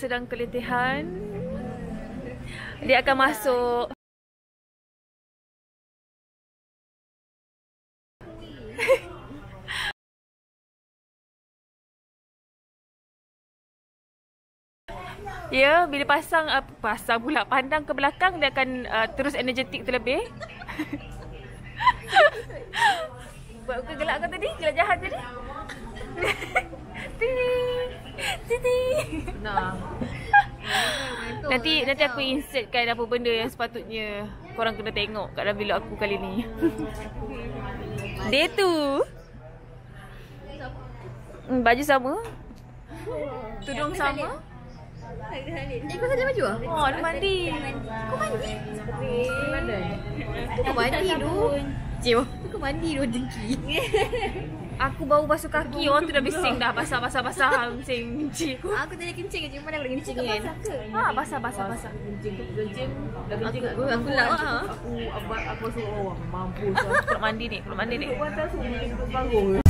sedang keletihan Dia akan masuk Ya, bila pasang uh, pasang pula pandang ke belakang dia akan uh, terus energetik terlebih. Buat muka gelak kau tadi? Gelak jahat tadi? Nanti nanti aku insertkan apa benda yang sepatutnya korang kena tengok kat dalam vlog aku kali ni. Dia tu. Hmm, baju sama. Tudung sama. Eh, kau sedia baju lah? Oh, dia mandi. Kau mandi? Kau mandi? Kau mandi tu. Cik, oh. kau mandi dulu dengki. Aku bau basuh kaki orang tu dah bising dah basah-basah kan? ah, basah kencing. Basah, aku tadi kencing je mana lagi kencing kan. Ha basah basah basah. Kencing kencing aku aku Aku aku aku rasa mampu. Oh, mampus lah. mandi ni, nak mandi ni. Aku rasa aku bangun.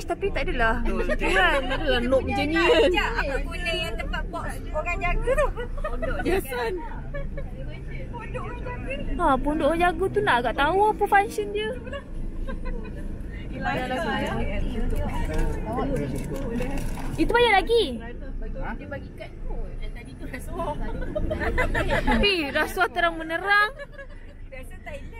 cash tapi tak lah. Kan Tak lah. Oh, nope macam ni kan Aku guna yang tempat box orang jaga tu Pondok jaga Yesan Pondok orang jaga Ha pondok orang jaga tu nak agak tahu apa function dia itu banyak lagi. Dia ha? bagi kad tu. Tadi tu rasuah. Tapi rasuah terang menerang. Biasa Thailand.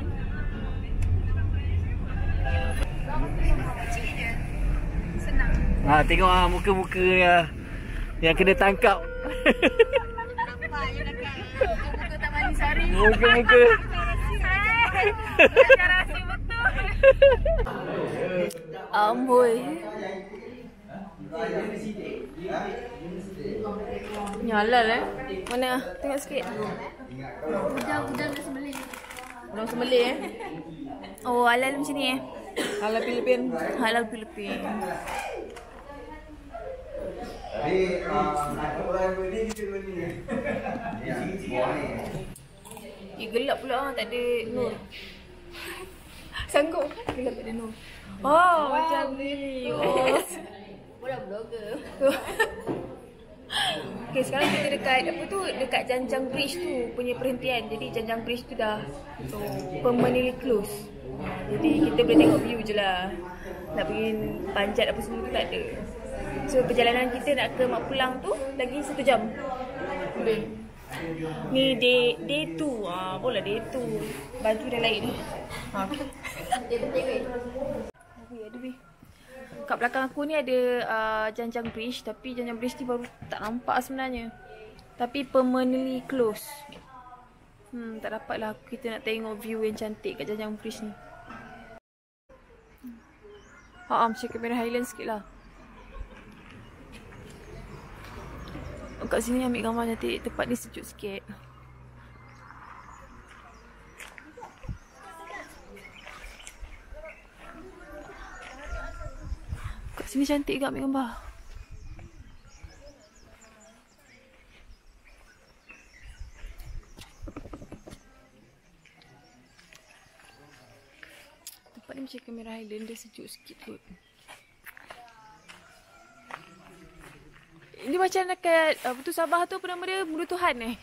on. Ha, ah, tengok ah muka-muka yang, yang kena tangkap. Muka-muka. Ha, muka Amboi. Nyalal eh. Mana? Tengok sikit. Budak-budak dah sebelah. Dalam semelih eh. Oh, halal macam ni eh. Halal Filipin. Halal Filipin. Jadi, nak orang ini kita buat ni. Ya, gelap pula ah, tak ada nur. Sanggup kan gelap tak ada nur. Oh, wow, macam ni. Oh. Bola blogger. Okay sekarang kita dekat apa tu dekat Janjang Bridge tu punya perhentian. Jadi Janjang Bridge tu dah so, permanently close. Jadi kita boleh tengok view je lah. Nak pergi panjat apa semua tu tak ada. So perjalanan kita nak ke Mak Pulang tu lagi satu jam. Boleh. Ni day day 2. Ah, bola lah day 2. Baju dah lain. Ah, okay. Dia penting weh kat belakang aku ni ada uh, janjang bridge tapi janjang bridge ni baru tak nampak sebenarnya. Tapi permanently close. Hmm, tak dapat lah kita nak tengok view yang cantik kat janjang bridge ni. Hmm. Haa, ah, macam kamera highland sikit lah. Kat sini ambil gambar cantik, tempat ni sejuk sikit. sini cantik juga ambil gambar. Tempat ni macam kamera island, dia sejuk sikit kot. Ini macam dekat apa ah, tu Sabah tu apa nama dia? Bulu Tuhan eh?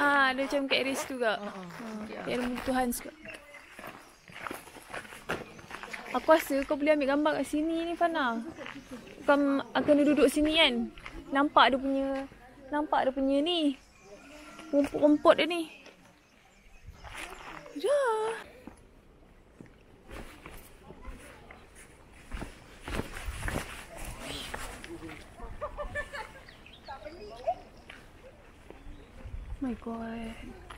Ah, Ha, dia macam kat Iris tu juga. Ha. Uh-huh. Uh, yeah. Bulu Tuhan juga. Aku rasa kau boleh ambil gambar kat sini ni Fana. Kau akan ah, duduk sini kan. Nampak dia punya nampak dia punya ni. Rumput-rumput dia ni. Ya. Oh my god.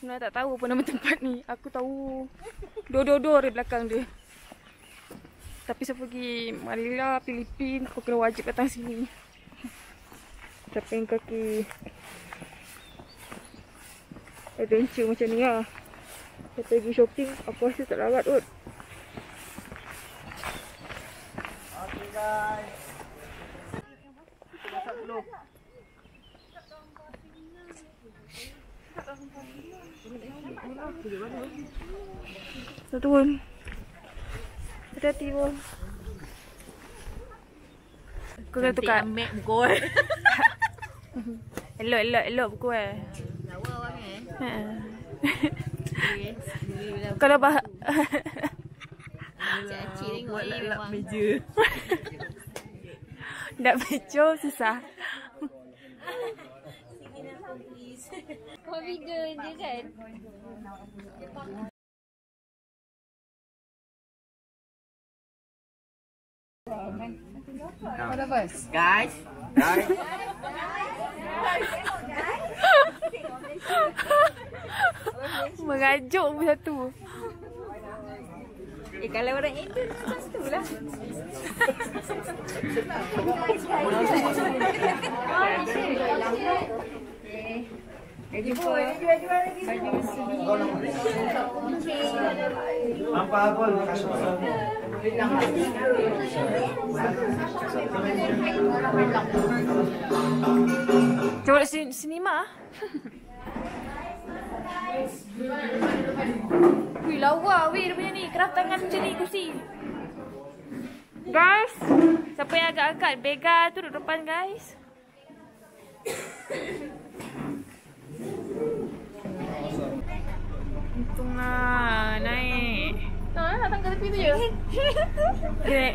sebenarnya tak tahu apa nama tempat ni. Aku tahu dor-dor-dor di belakang dia. Tapi saya pergi Malaysia, Filipina, aku kena wajib datang sini. Capeng kaki. Adventure macam ni lah. Saya pergi shopping, aku rasa tak larat kot. Okay guys. Dah turun Hati-hati pun Kau kena tukar Cantik mek pukul Elok, elok, elok pukul eh Lawa orang eh ha. Kalau bah Cik-cik tengok ni Buat lak meja Nak pecoh susah guys. Confident dia kan. Guys, guys, eh, lah. guys, guys, guys, guys, guys, kalau orang guys, guys, tu lah. Ready po. Ready po. Ready po. Ready po. Ready po. Ready po. Ready po. Ready po. Ready po. Ready po. Ready po. Guys, siapa yang agak angkat Bega tu duduk depan guys. Untung lah naik. Tak nak eh, datang ke tepi tu je. Great.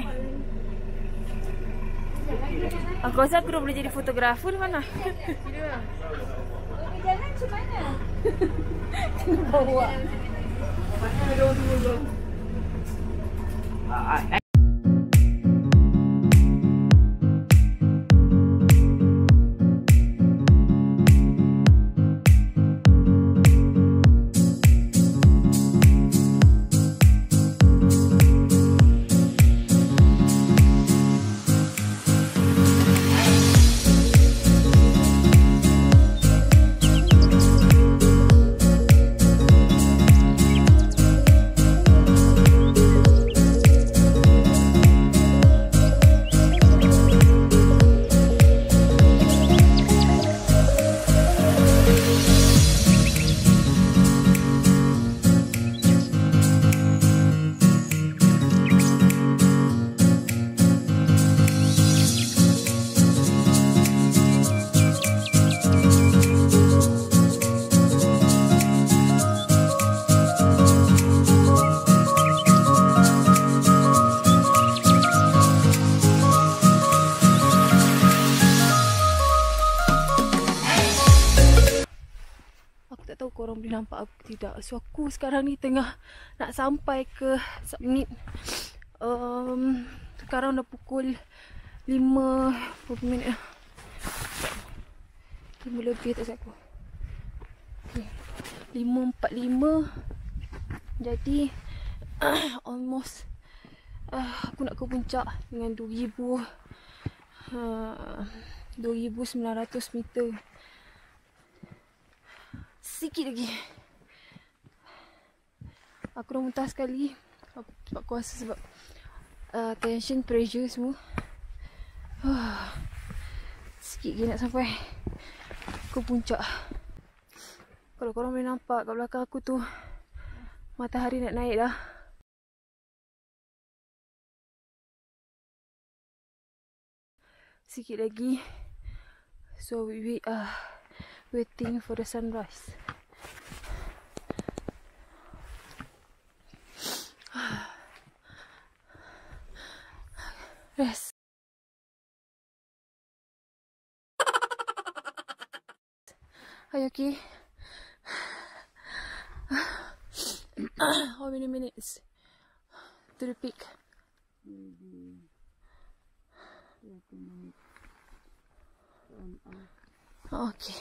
Aku rasa aku boleh jadi fotografer mana? Tidak. Tidak. Jalan macam mana? Kena bawa. Mana ada orang tu? nampak aku tidak So aku sekarang ni tengah Nak sampai ke Submit um, Sekarang dah pukul 5 Berapa minit lah 5 lebih tak siapa okay. 5.45 Jadi Almost uh, Aku nak ke puncak Dengan 2000 uh, 2900 meter sikit lagi. Aku dah muntah sekali. Aku sebab kuasa sebab uh, tension pressure semua. Huh. Sikit lagi nak sampai ke puncak. Kalau korang boleh nampak kat belakang aku tu matahari nak naik dah. Sikit lagi. So we, we are uh, waiting for the sunrise. Okay. How many minutes to the peak? Maybe 30 minutes. Okay.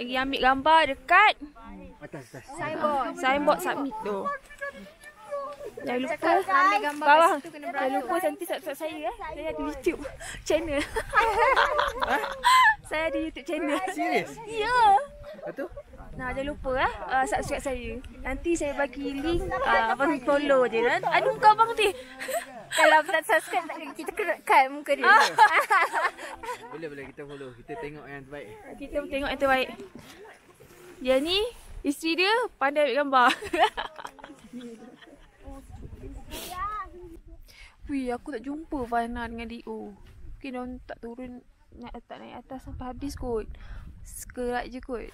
lagi ambil gambar dekat atas atas signboard submit tu jangan lupa bawah jangan lupa nanti subscribe saya eh. saya ada YouTube channel saya ada YouTube channel serius ya satu Nah, jangan lupa lah uh, subscribe saya. Nanti saya bagi link uh, abang uh, follow je lah. Aduh, kau abang ni. Kalau tak subscribe, kita kerakkan muka dia. Ah. boleh, boleh. Kita follow. Kita tengok yang terbaik. Kita tengok yang terbaik. Dia ni, isteri dia pandai ambil gambar. Wih, aku tak jumpa Vana dengan D.O. Mungkin dia tak turun, tak naik atas sampai habis kot. Sekerat je kot.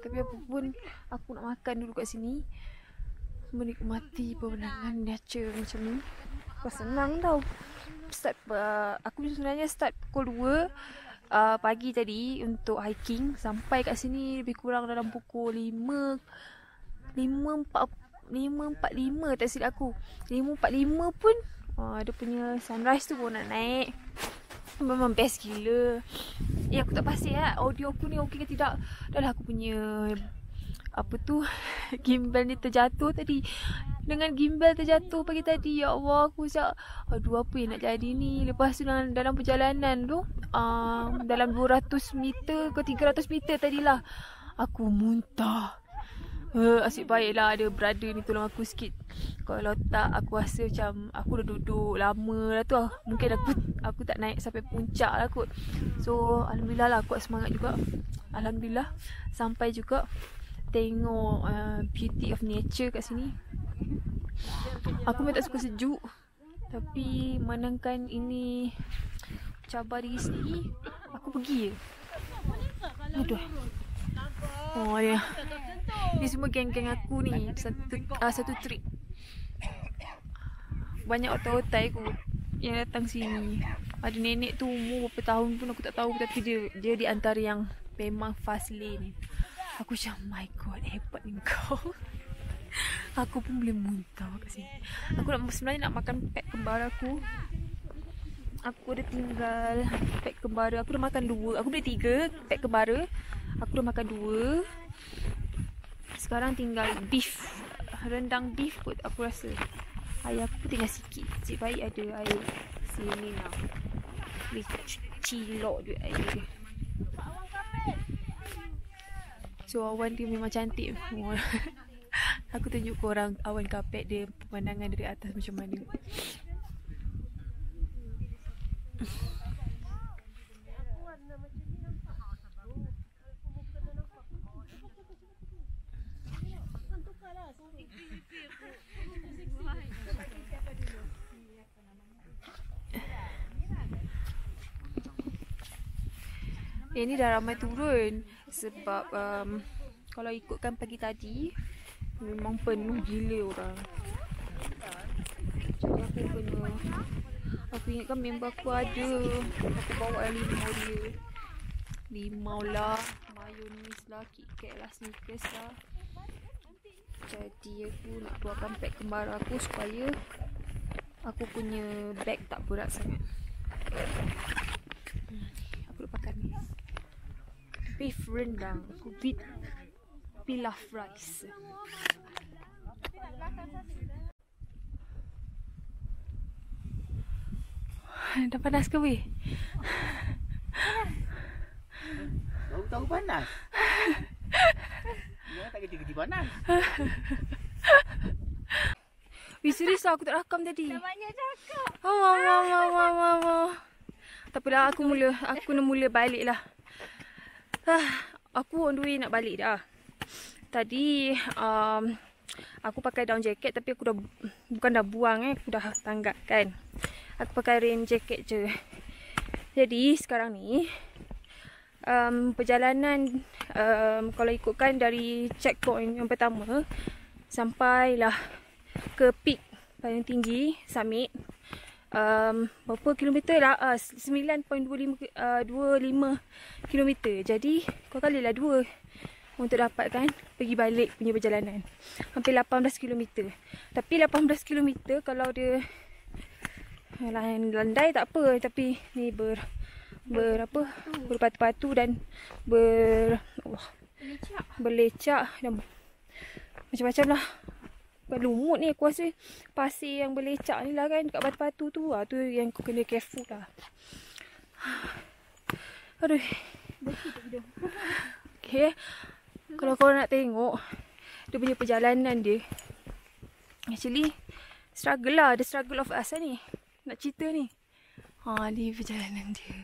Tapi apa pun aku nak makan dulu kat sini Menikmati pemandangan nature macam ni pas senang tau start, uh, Aku sebenarnya start pukul 2 uh, pagi tadi untuk hiking Sampai kat sini lebih kurang dalam pukul 5 5.45 5.45 tak silap aku 5.45 pun uh, Dia punya sunrise tu pun nak naik memang best gila Eh aku tak pasti lah Audio aku ni okey ke tidak Dah lah aku punya Apa tu Gimbal ni terjatuh tadi Dengan gimbal terjatuh pagi tadi Ya Allah aku macam Aduh apa yang nak jadi ni Lepas tu dalam, dalam perjalanan tu uh, Dalam 200 meter ke 300 meter tadilah Aku muntah uh, asyik baiklah ada brother ni tolong aku sikit. Kalau tak aku rasa macam aku dah duduk lama lah tu. Mungkin aku aku tak naik sampai puncak lah kot. So alhamdulillah lah aku semangat juga. Alhamdulillah sampai juga tengok uh, beauty of nature kat sini. Aku memang tak suka sejuk. Tapi menangkan ini cabar diri sendiri, aku pergi je. Aduh. Oh, ya. Ni semua geng-geng aku ni Satu, uh, satu trip Banyak otak-otak aku Yang datang sini Ada nenek tu umur berapa tahun pun aku tak tahu Tapi dia, dia di antara yang Memang fast lane Aku macam my god hebat ni kau Aku pun boleh muntah kat sini Aku nak, sebenarnya nak makan pet kembar aku Aku ada tinggal pet kembara Aku dah makan dua Aku beli tiga pet kembara Aku dah makan dua sekarang tinggal beef rendang beef kot aku rasa ayam aku pun tinggal sikit cik baik ada air sini nak, boleh cilok je air dia so awan dia memang cantik aku tunjuk orang awan kapet dia pemandangan dari atas macam mana Lah, Sabar eh, ni dah ramai turun Sebab um, Kalau ikutkan pagi tadi Memang penuh gila orang Macam aku penuh Aku ingatkan member aku ada Aku bawa yang limau dia Limau lah Mayonis lah KitKat lah Snickers lah jadi aku nak keluarkan beg kembar aku supaya aku punya bag tak berat sangat. Hmm, aku lupakan ni. Beef rendang. Kubit pilaf rice. Dah panas ke weh? Tahu-tahu panas. tak kerja kerja panas. Wih, serius lah, aku tak rakam tadi. Tak banyak cakap. Oh, wow, wow, wow, wow, wow. Tak apalah, aku mula. Aku nak mula balik lah. Ah, aku on the way nak balik dah. Tadi, um, aku pakai down jacket tapi aku dah, bukan dah buang eh. Aku dah tanggap kan. Aku pakai rain jacket je. Jadi, sekarang ni, um, perjalanan um, kalau ikutkan dari checkpoint yang pertama sampailah ke peak paling tinggi summit um, berapa kilometer lah uh, 9.25 uh, kilometer jadi kau kali lah 2 untuk dapatkan pergi balik punya perjalanan hampir 18 kilometer tapi 18 kilometer kalau dia ah, landai tak apa tapi ni ber berapa berpatu-patu dan ber oh, berlecak dan macam-macam lah lumut ni aku rasa pasir yang berlecak ni lah kan dekat batu-batu tu lah tu yang aku kena careful lah aduh okay eh. kalau korang nak tengok dia punya perjalanan dia actually struggle lah the struggle of us lah ni nak cerita ni Ali berjalan dia.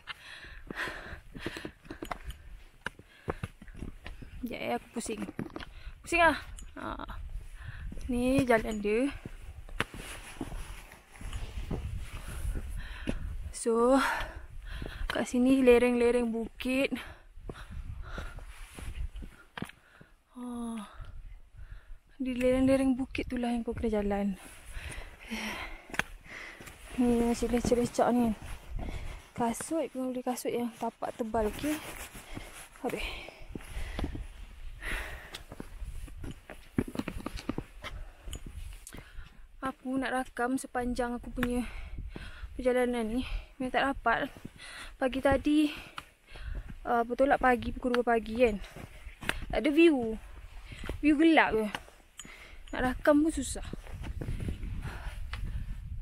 Ya, eh, ya, aku pusing. Pusing lah. Ha. Ni jalan dia. So, kat sini lereng-lereng bukit. Oh Di lereng-lereng bukit itulah yang aku kena jalan. Eh. Ni nasi lecek-lecek ni. Kasut pun beli kasut yang tapak tebal okey. Habis. Aku nak rakam sepanjang aku punya perjalanan ni. Memang tak rapat. Pagi tadi uh, bertolak pagi pukul 2 pagi kan. Tak ada view. View gelap ke. Nak rakam pun susah.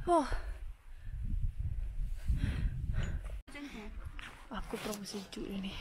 Oh. Aku promosi sejuk ni.